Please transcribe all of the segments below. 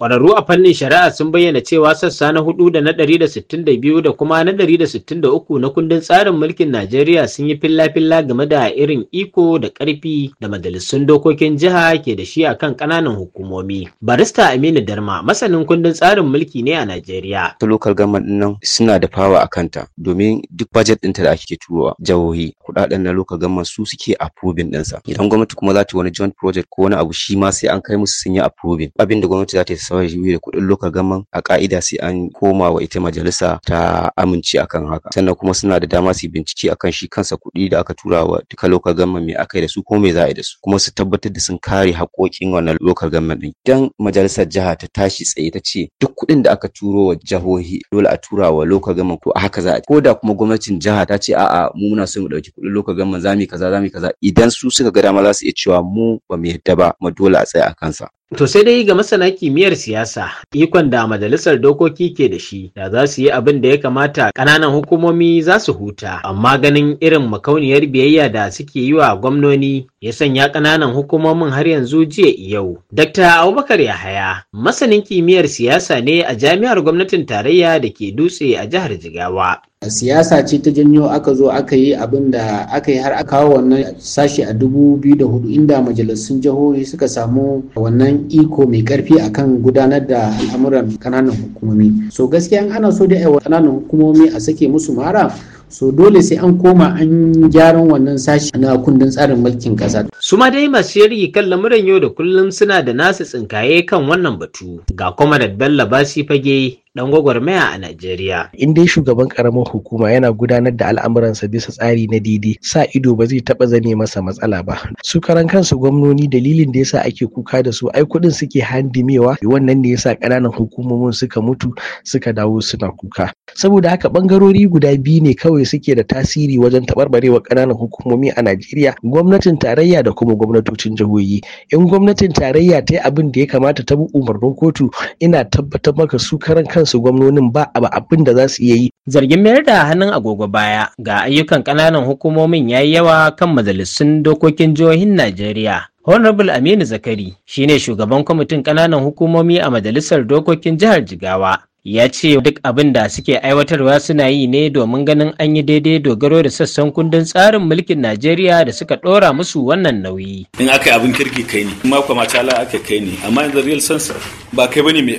Kwararru a fannin shari'a sun bayyana cewa sassa na hudu da na ɗari da sittin da da biyu kuma na ɗari da da sittin uku na kundin tsarin mulkin Najeriya sun yi filla-filla game da irin iko da ƙarfi da majalisun dokokin jiha ke da shi a kan ƙananan hukumomi. Barista Aminu Darma masanin kundin tsarin mulki ne a Najeriya. Ta lokal government nan suna da fawa a kanta domin duk budget ɗinta da ake turowa jihohi kuɗaɗen na lokal government su suke approving ɗinsa. Idan gwamnati kuma za ta wani joint project ko wani abu shi ma sai an kai musu sun yi approving. Abin da gwamnati za ta sauran da kudin loka gaman a ka'ida sai an koma wa ita majalisa ta amince akan haka sannan kuma suna da dama su bincike akan shi kansa kuɗi da aka tura wa duka loka gaman me aka yi da su ko me za a yi da su kuma su tabbatar da sun kare haƙoƙin wannan loka gaman din idan majalisar jiha ta tashi tsaye ta ce duk kuɗin da aka turo wa jihohi dole a tura wa loka gaman ko a haka za a ko da kuma gwamnatin jiha ta ce a'a mu muna so mu dauki kudin loka gaman za kaza za kaza idan su suka ga dama za su iya cewa mu ba mu yadda ba mu dole a tsaya a kansa To sai dai ga masana kimiyyar siyasa ikon da majalisar dokoki ke da shi da za su yi abin da ya kamata ƙananan hukumomi za su huta amma ganin irin makauniyar biyayya da suke yi wa gwamnoni ya sanya ƙananan hukumomin har yanzu jiya yau. Dr. Abubakar Yahaya masanin kimiyyar siyasa ne a jami'ar gwamnatin tarayya da ke dutse a jihar Jigawa. siyasa ce ta janyo aka zo aka yi abin da aka yi har aka kawo wannan sashi a dubu biyu da hudu, inda majalisun jihohi suka samu wannan iko mai karfi akan gudanar da al'amuran kananan hukumomi so gaskiya ana so da kananan hukumomi a sake musu mara so dole sai an koma an gyaran wannan sashi na kundin tsarin mulkin kasa su ma dai masu yarki kan lamuran yau da kullum suna da nasu tsinkaye kan wannan batu ga kwamadar bello basi fage dan gwagwarmaya a Najeriya. In dai shugaban karamar hukuma yana gudanar da al'amuransa bisa tsari na daidai sa ido ba zai taba zane masa matsala ba. Su karan kansu gwamnoni dalilin da yasa ake kuka da su ai kuɗin suke handimewa wannan ne yasa kananan hukumomin suka mutu suka dawo suna kuka. Saboda haka bangarori guda biyu ne kawai suke da tasiri wajen taɓarɓarewa ƙananan hukumomi a Najeriya gwamnatin tarayya da kuma gwamnatocin jihohi. In gwamnatin tarayya ta yi abin da ya kamata ta bi umarnin kotu ina tabbatar maka su karan kansu gwamnonin ba abin da za su iya yi. Zargin mayar da hannun agogo baya ga ayyukan ƙananan hukumomin ya yi yawa kan majalisun dokokin jihohin Najeriya. Honorable Aminu Zakari shine shugaban kwamitin ƙananan hukumomi a majalisar dokokin jihar Jigawa. ya ce duk abin da suke aiwatarwa suna yi ne domin ganin an yi daidai dogaro da sassan kundin tsarin mulkin najeriya da suka ɗora musu wannan nauyi in aka yi abin kirki kai ne kuma kuma tala aka kai ne amma in the real sense ba kai bane mai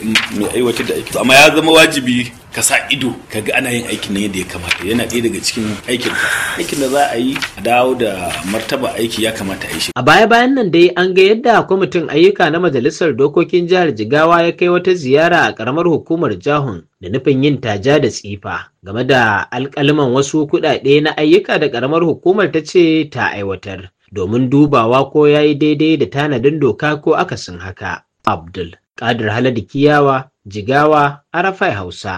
aiwatar da aiki amma ya zama wajibi ka sa ido ka ga ana yin aikin yadda ya kamata yana ɗaya daga cikin aikin aikin da za a yi a dawo da martaba aiki ya kamata a yi shi a baya bayan nan dai an ga yadda kwamitin ayyuka na majalisar dokokin jihar jigawa ya kai wata ziyara a karamar hukumar jihar lissahun da nufin yin taja da tsifa game da alkaliman wasu kuɗaɗe na ayyuka da ƙaramar hukumar ta ce ta aiwatar domin dubawa ko ya yi daidai da tanadin doka ko akasin haka. Abdul Kadir Haladu Kiyawa, Jigawa, Arafai Hausa.